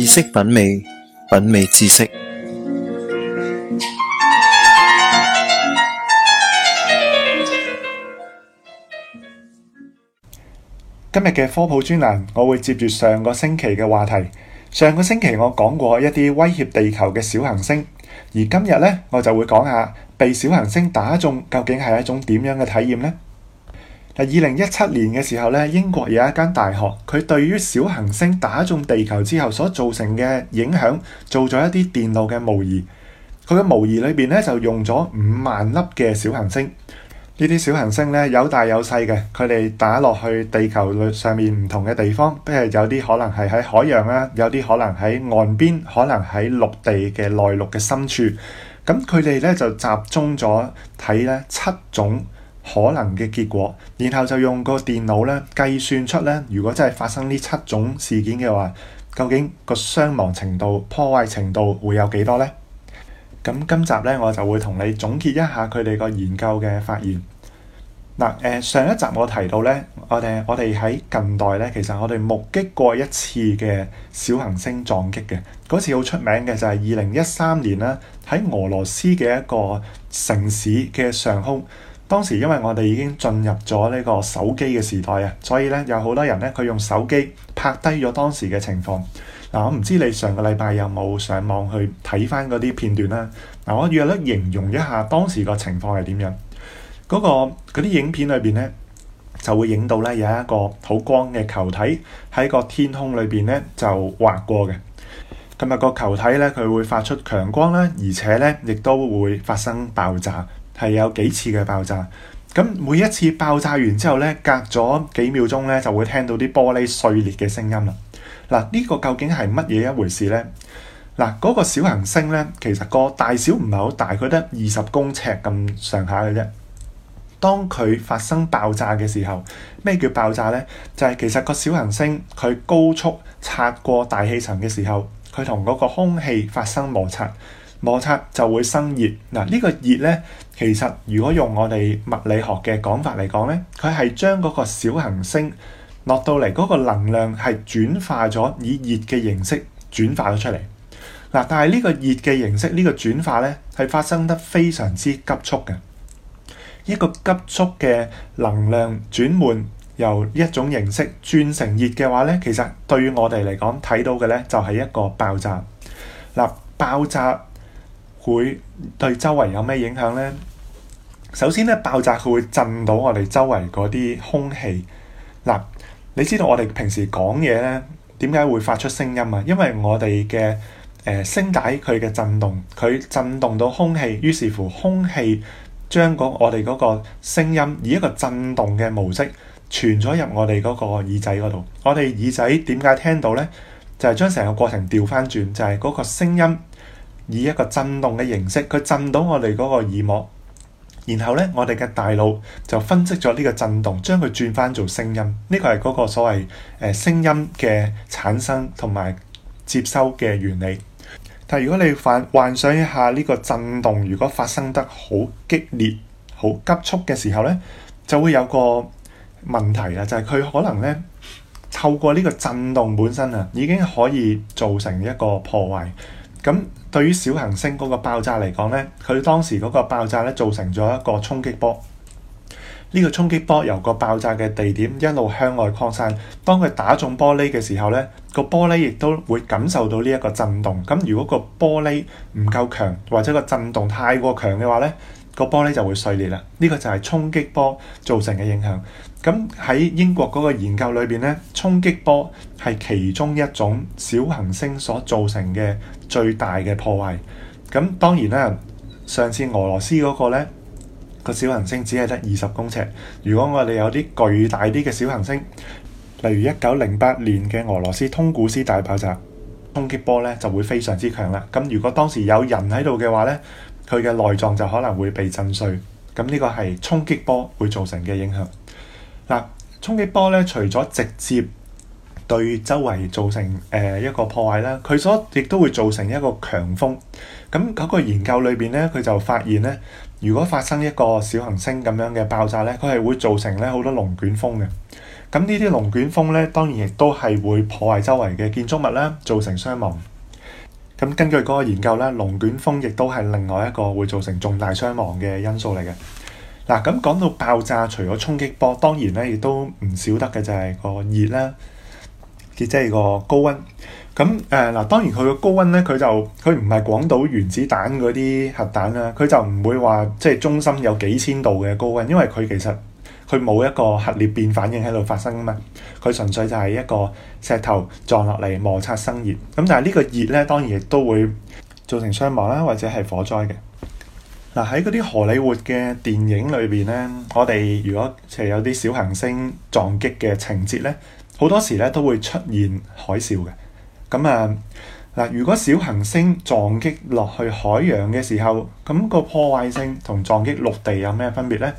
知識品味，品味知識。今日嘅科普專欄，我會接住上個星期嘅話題。上個星期我講過一啲威脅地球嘅小行星，而今日呢，我就會講下被小行星打中究竟係一種點樣嘅體驗呢。係二零一七年嘅時候咧，英國有一間大學，佢對於小行星打中地球之後所造成嘅影響，做咗一啲電腦嘅模擬。佢嘅模擬裏邊咧，就用咗五萬粒嘅小行星。呢啲小行星咧有大有細嘅，佢哋打落去地球上面唔同嘅地方，譬如有啲可能係喺海洋啦，有啲可能喺岸邊，可能喺陸地嘅內陸嘅深處。咁佢哋咧就集中咗睇咧七種可能嘅結果，然後就用個電腦咧計算出咧。如果真係發生呢七種事件嘅話，究竟個傷亡程度、破壞程度會有幾多呢？咁今集咧，我就會同你總結一下佢哋個研究嘅發現嗱。誒、呃、上一集我提到咧，我哋我哋喺近代咧，其實我哋目擊過一次嘅小行星撞擊嘅，嗰次好出名嘅就係二零一三年啦，喺俄羅斯嘅一個城市嘅上空。當時因為我哋已經進入咗呢個手機嘅時代啊，所以咧，有好多人咧，佢用手機拍低咗當時嘅情況嗱、嗯。我唔知你上個禮拜有冇上網去睇翻嗰啲片段啦嗱、嗯。我約略形容一下當時個情況係點樣嗰、嗰個嗰啲影片裏邊咧，就會影到咧，有一個好光嘅球體喺個天空裏邊咧，就劃過嘅。咁日個球體咧，佢會發出強光啦，而且咧亦都會發生爆炸。係有幾次嘅爆炸，咁每一次爆炸完之後呢，隔咗幾秒鐘呢，就會聽到啲玻璃碎裂嘅聲音啦。嗱，呢個究竟係乜嘢一回事呢？嗱，嗰個小行星呢，其實個大小唔係好大，佢得二十公尺咁上下嘅啫。當佢發生爆炸嘅時候，咩叫爆炸呢？就係其實個小行星佢高速擦過大氣層嘅時候，佢同嗰個空氣發生摩擦。摩擦就會生熱。嗱，呢個熱咧，其實如果用我哋物理學嘅講法嚟講咧，佢係將嗰個小行星落到嚟嗰個能量係轉化咗，以熱嘅形式轉化咗出嚟嗱。但係呢個熱嘅形式，呢個轉化咧，係發生得非常之急速嘅一個急速嘅能量轉換，由一種形式轉成熱嘅話咧，其實對於我哋嚟講睇到嘅咧就係一個爆炸嗱爆炸。會對周圍有咩影響呢？首先咧，爆炸佢會震到我哋周圍嗰啲空氣嗱。你知道我哋平時講嘢咧，點解會發出聲音啊？因為我哋嘅誒聲帶佢嘅震動，佢震動到空氣，於是乎空氣將我哋嗰個聲音以一個震動嘅模式傳咗入我哋嗰個耳仔嗰度。我哋耳仔點解聽到呢？就係將成個過程調翻轉，就係嗰個聲音。以一個震動嘅形式，佢震到我哋嗰個耳膜，然後咧，我哋嘅大腦就分析咗呢個震動，將佢轉翻做聲音。呢個係嗰個所謂誒聲音嘅產生同埋接收嘅原理。但係如果你幻幻想一下呢個震動，如果發生得好激烈、好急速嘅時候咧，就會有個問題啦，就係佢可能咧透過呢個震動本身啊，已經可以造成一個破壞。咁對於小行星嗰個爆炸嚟講呢，佢當時嗰個爆炸呢，造成咗一個衝擊波。呢個衝擊波由個爆炸嘅地點一路向外擴散。當佢打中玻璃嘅時候呢，個玻璃亦都會感受到呢一個震動。咁如果個玻璃唔夠強，或者個震動太過強嘅話呢，個玻璃就會碎裂啦，呢個就係衝擊波造成嘅影響。咁喺英國嗰個研究裏邊呢，衝擊波係其中一種小行星所造成嘅最大嘅破壞。咁當然啦，上次俄羅斯嗰個呢個小行星只係得二十公尺。如果我哋有啲巨大啲嘅小行星，例如一九零八年嘅俄羅斯通古斯大爆炸，衝擊波呢就會非常之強啦。咁如果當時有人喺度嘅話呢，佢嘅內臟就可能會被震碎，咁呢個係衝擊波會造成嘅影響。嗱，衝擊波咧，除咗直接對周圍造成誒一個破壞啦，佢所亦都會造成一個強風。咁嗰個研究裏邊咧，佢就發現咧，如果發生一個小行星咁樣嘅爆炸咧，佢係會造成咧好多龍捲風嘅。咁呢啲龍捲風咧，當然亦都係會破壞周圍嘅建築物啦，造成傷亡。咁根據嗰個研究咧，龍捲風亦都係另外一個會造成重大傷亡嘅因素嚟嘅。嗱，咁講到爆炸，除咗衝擊波，當然咧亦都唔少得嘅就係個熱啦，亦即係個高溫。咁誒嗱，當然佢個高溫咧，佢就佢唔係廣島原子彈嗰啲核彈啦，佢就唔會話即係中心有幾千度嘅高溫，因為佢其實。佢冇一個核裂變反應喺度發生啊嘛，佢純粹就係一個石頭撞落嚟摩擦生熱。咁但係呢個熱咧，當然亦都會造成傷亡啦，或者係火災嘅。嗱喺嗰啲荷里活嘅電影裏邊咧，我哋如果其實有啲小行星撞擊嘅情節咧，好多時咧都會出現海嘯嘅。咁啊，嗱如果小行星撞擊落去海洋嘅時候，咁個破壞性同撞擊陸地有咩分別咧？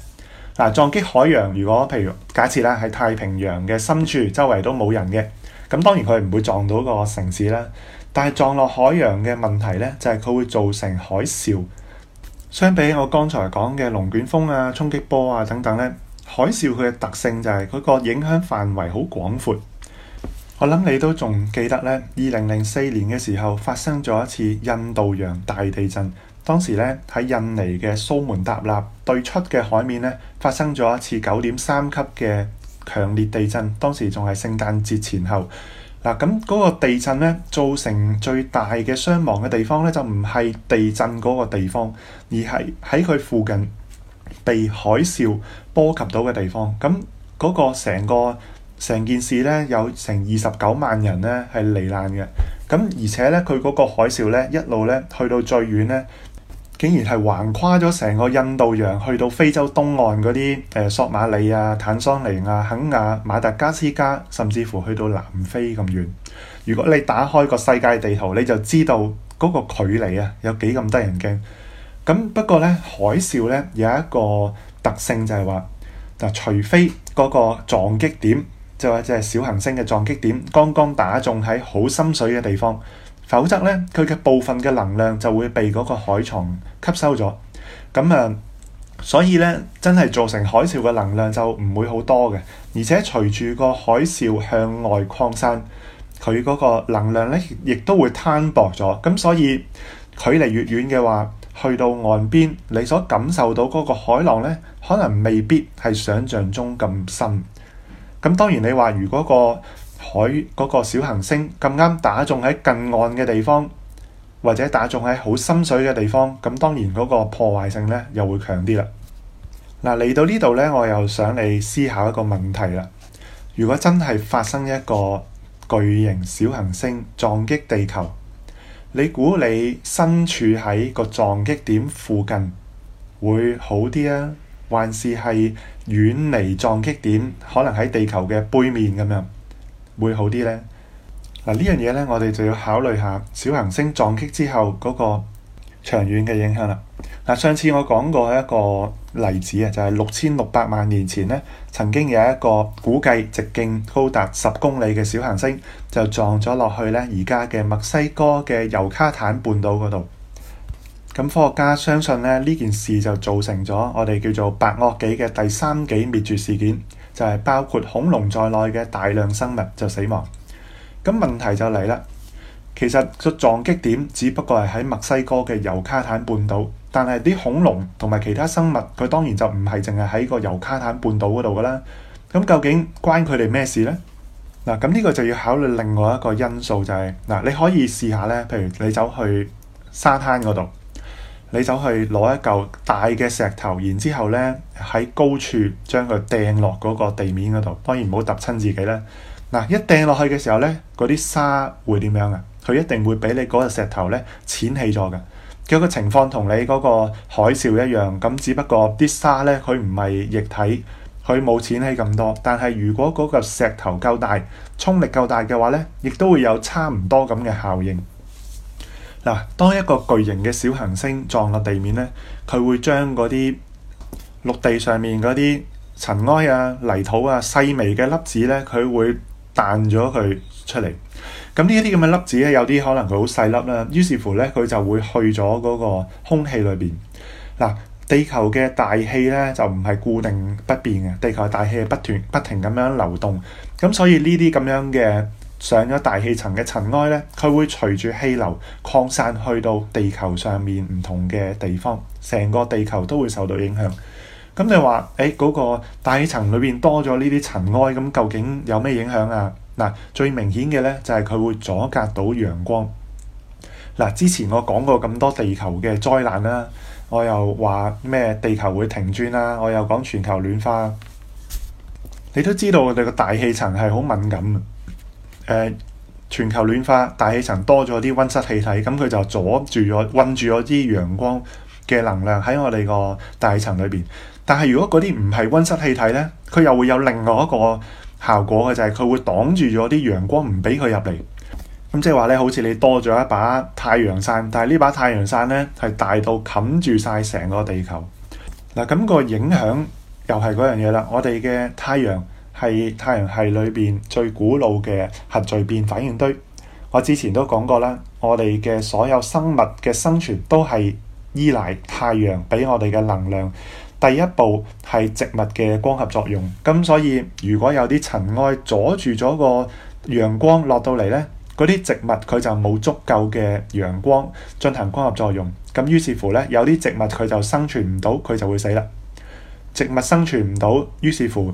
嗱，撞擊海洋，如果譬如假設咧喺太平洋嘅深處，周圍都冇人嘅，咁當然佢唔會撞到個城市啦。但係撞落海洋嘅問題咧，就係佢會造成海嘯。相比我剛才講嘅龍捲風啊、衝擊波啊等等咧，海嘯佢嘅特性就係佢個影響範圍好廣闊。我諗你都仲記得咧，二零零四年嘅時候發生咗一次印度洋大地震。當時咧喺印尼嘅蘇門答臘對出嘅海面咧發生咗一次九點三級嘅強烈地震。當時仲係聖誕節前後嗱，咁嗰、嗰個地震咧造成最大嘅傷亡嘅地方咧就唔係地震嗰個地方，而係喺佢附近被海嘯波及到嘅地方。咁嗰、嗰個成個成件事咧有成二十九萬人咧係罹難嘅。咁而且咧佢嗰個海嘯咧一路咧去到最遠咧。竟然係橫跨咗成個印度洋，去到非洲東岸嗰啲誒索馬里啊、坦桑尼亞、肯亞、馬達加斯加，甚至乎去到南非咁遠。如果你打開個世界地圖，你就知道嗰個距離啊有幾咁得人驚。咁不過呢，海嘯呢有一個特性就係話，嗱，除非嗰個撞擊點，就或者係小行星嘅撞擊點，剛剛打中喺好深水嘅地方。否則咧，佢嘅部分嘅能量就會被嗰個海床吸收咗，咁啊，所以咧真係造成海嘯嘅能量就唔會好多嘅，而且隨住個海嘯向外擴散，佢嗰個能量咧亦都會攤薄咗，咁所以距離越遠嘅話，去到岸邊你所感受到嗰個海浪咧，可能未必係想像中咁深。咁當然你話如果個海嗰個小行星咁啱打中喺近岸嘅地方，或者打中喺好深水嘅地方，咁當然嗰個破壞性呢又會強啲啦。嗱，啊，嚟到呢度呢，我又想你思考一個問題啦。如果真係發生一個巨型小行星撞擊地球，你估你身處喺個撞擊點附近會好啲啊，還是係遠離撞擊點，可能喺地球嘅背面咁樣，會好啲呢。嗱、啊、呢樣嘢呢，我哋就要考慮下小行星撞擊之後嗰個長遠嘅影響啦。嗱、啊，上次我講過一個例子啊，就係六千六百萬年前呢，曾經有一個估計直徑高達十公里嘅小行星就撞咗落去呢而家嘅墨西哥嘅尤卡坦半島嗰度。咁科學家相信呢，呢件事就造成咗我哋叫做白堊紀嘅第三紀滅絕事件。就係包括恐龍在內嘅大量生物就死亡。咁問題就嚟啦，其實個撞擊點只不過係喺墨西哥嘅尤卡坦半島，但係啲恐龍同埋其他生物，佢當然就唔係淨係喺個尤卡坦半島嗰度㗎啦。咁究竟關佢哋咩事呢？嗱，咁呢個就要考慮另外一個因素，就係嗱，你可以試下咧，譬如你走去沙灘嗰度。你走去攞一嚿大嘅石頭，然之後呢，喺高處將佢掟落嗰個地面嗰度，當然唔好揼親自己啦。嗱、啊，一掟落去嘅時候呢，嗰啲沙會點樣啊？佢一定會俾你嗰個石頭呢濺起咗㗎。佢個情況同你嗰個海嘯一樣，咁只不過啲沙呢，佢唔係液體，佢冇濺起咁多。但係如果嗰嚿石頭夠大、衝力夠大嘅話呢，亦都會有差唔多咁嘅效應。嗱，當一個巨型嘅小行星撞落地面咧，佢會將嗰啲陸地上面嗰啲塵埃啊、泥土啊、細微嘅粒子咧，佢會彈咗佢出嚟。咁呢一啲咁嘅粒子咧，有啲可能佢好細粒啦。於是乎咧，佢就會去咗嗰個空氣裏邊。嗱，地球嘅大氣咧就唔係固定不變嘅，地球大氣係不斷不停咁樣流動。咁所以呢啲咁樣嘅～上咗大氣層嘅塵埃呢，佢會隨住氣流擴散去到地球上面唔同嘅地方，成個地球都會受到影響。咁你話誒嗰個大氣層裏邊多咗呢啲塵埃，咁究竟有咩影響啊？嗱，最明顯嘅呢就係佢會阻隔到陽光。嗱，之前我講過咁多地球嘅災難啦，我又話咩地球會停轉啦，我又講全球暖化，你都知道我哋個大氣層係好敏感嘅。誒，全球暖化，大氣層多咗啲温室氣體，咁佢就阻住咗、困住咗啲陽光嘅能量喺我哋個大氣層裏邊。但係如果嗰啲唔係温室氣體呢，佢又會有另外一個效果嘅，就係、是、佢會擋住咗啲陽光，唔俾佢入嚟。咁即係話呢，好似你多咗一把太陽傘，但係呢把太陽傘呢，係大到冚住晒成個地球。嗱，咁個影響又係嗰樣嘢啦，我哋嘅太陽。係太陽系裏邊最古老嘅核聚變反應堆。我之前都講過啦，我哋嘅所有生物嘅生存都係依賴太陽俾我哋嘅能量。第一步係植物嘅光合作用，咁所以如果有啲塵埃阻住咗個陽光落到嚟呢，嗰啲植物佢就冇足夠嘅陽光進行光合作用，咁於是乎呢，有啲植物佢就生存唔到，佢就會死啦。植物生存唔到，於是乎。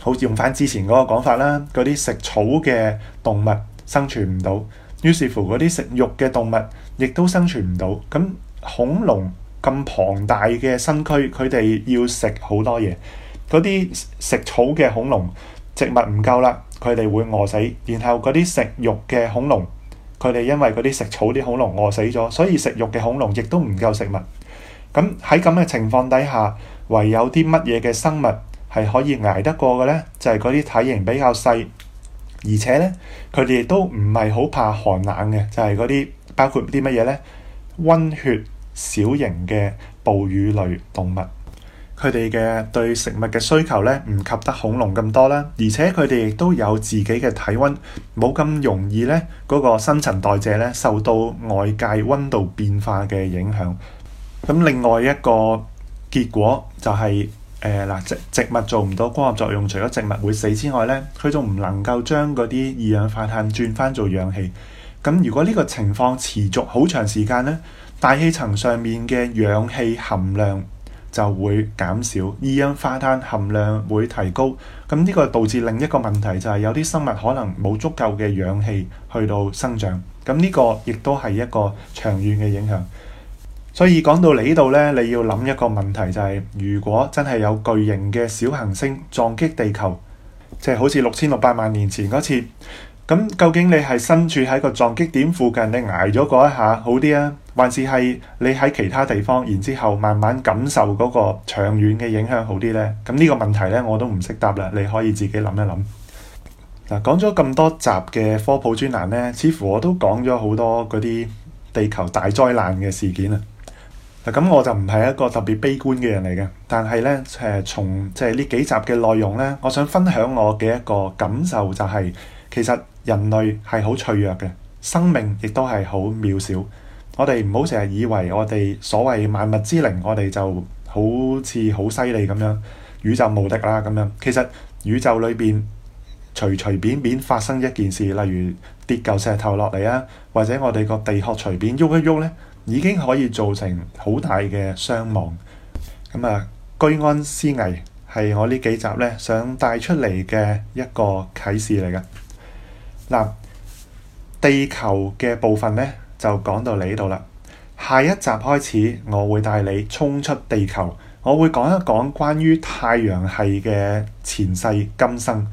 好，用翻之前嗰個講法啦，嗰啲食草嘅動物生存唔到，於是乎嗰啲食肉嘅動物亦都生存唔到。咁恐龍咁龐大嘅身軀，佢哋要食好多嘢。嗰啲食草嘅恐龍植物唔夠啦，佢哋會餓死。然後嗰啲食肉嘅恐龍，佢哋因為嗰啲食草啲恐龍餓死咗，所以食肉嘅恐龍亦都唔夠食物。咁喺咁嘅情況底下，唯有啲乜嘢嘅生物？係可以捱得過嘅咧，就係嗰啲體型比較細，而且咧佢哋亦都唔係好怕寒冷嘅，就係嗰啲包括啲乜嘢咧？溫血小型嘅哺乳類動物，佢哋嘅對食物嘅需求咧唔及得恐龍咁多啦，而且佢哋亦都有自己嘅體溫，冇咁容易咧嗰個新陳代謝咧受到外界溫度變化嘅影響。咁另外一個結果就係，誒嗱，植植物做唔到光合作用，除咗植物會死之外咧，佢仲唔能夠將嗰啲二氧化碳轉翻做氧氣。咁如果呢個情況持續好長時間咧，大氣層上面嘅氧氣含量就會減少，二氧化碳含量會提高。咁呢個導致另一個問題就係有啲生物可能冇足夠嘅氧氣去到生長，咁呢個亦都係一個長遠嘅影響。所以講到你呢度呢，你要諗一個問題，就係如果真係有巨型嘅小行星撞擊地球，即係好似六千六百萬年前嗰次，咁究竟你係身處喺個撞擊點附近，你捱咗嗰一下好啲啊，還是係你喺其他地方，然之後慢慢感受嗰個長遠嘅影響好啲呢？咁呢個問題呢，我都唔識答啦。你可以自己諗一諗嗱。講咗咁多集嘅科普專欄呢，似乎我都講咗好多嗰啲地球大災難嘅事件啊。嗱，咁我就唔係一個特別悲觀嘅人嚟嘅，但係呢，誒、呃，從即係呢幾集嘅內容呢，我想分享我嘅一個感受就係、是，其實人類係好脆弱嘅，生命亦都係好渺小。我哋唔好成日以為我哋所謂萬物之靈，我哋就好似好犀利咁樣，宇宙無敵啦咁樣。其實宇宙裏邊隨隨便便發生一件事，例如跌嚿石頭落嚟啊，或者我哋個地殼隨便喐一喐呢，已經可以造成好大嘅傷亡咁啊！居安思危係我呢幾集呢想帶出嚟嘅一個啟示嚟嘅嗱。地球嘅部分呢就講到你呢度啦。下一集開始，我會帶你衝出地球，我會講一講關於太陽系嘅前世今生。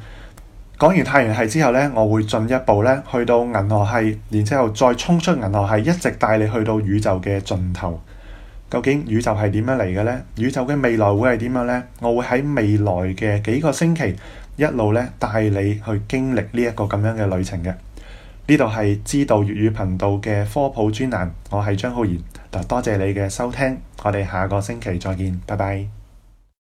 講完太陽系之後呢，我會進一步呢去到銀河系，然之後再衝出銀河系，一直帶你去到宇宙嘅盡頭。究竟宇宙係點樣嚟嘅呢？宇宙嘅未來會係點樣呢？我會喺未來嘅幾個星期一路呢帶你去經歷呢一個咁樣嘅旅程嘅。呢度係知道粵語頻道嘅科普專欄，我係張浩然，多謝你嘅收聽，我哋下個星期再見，拜拜。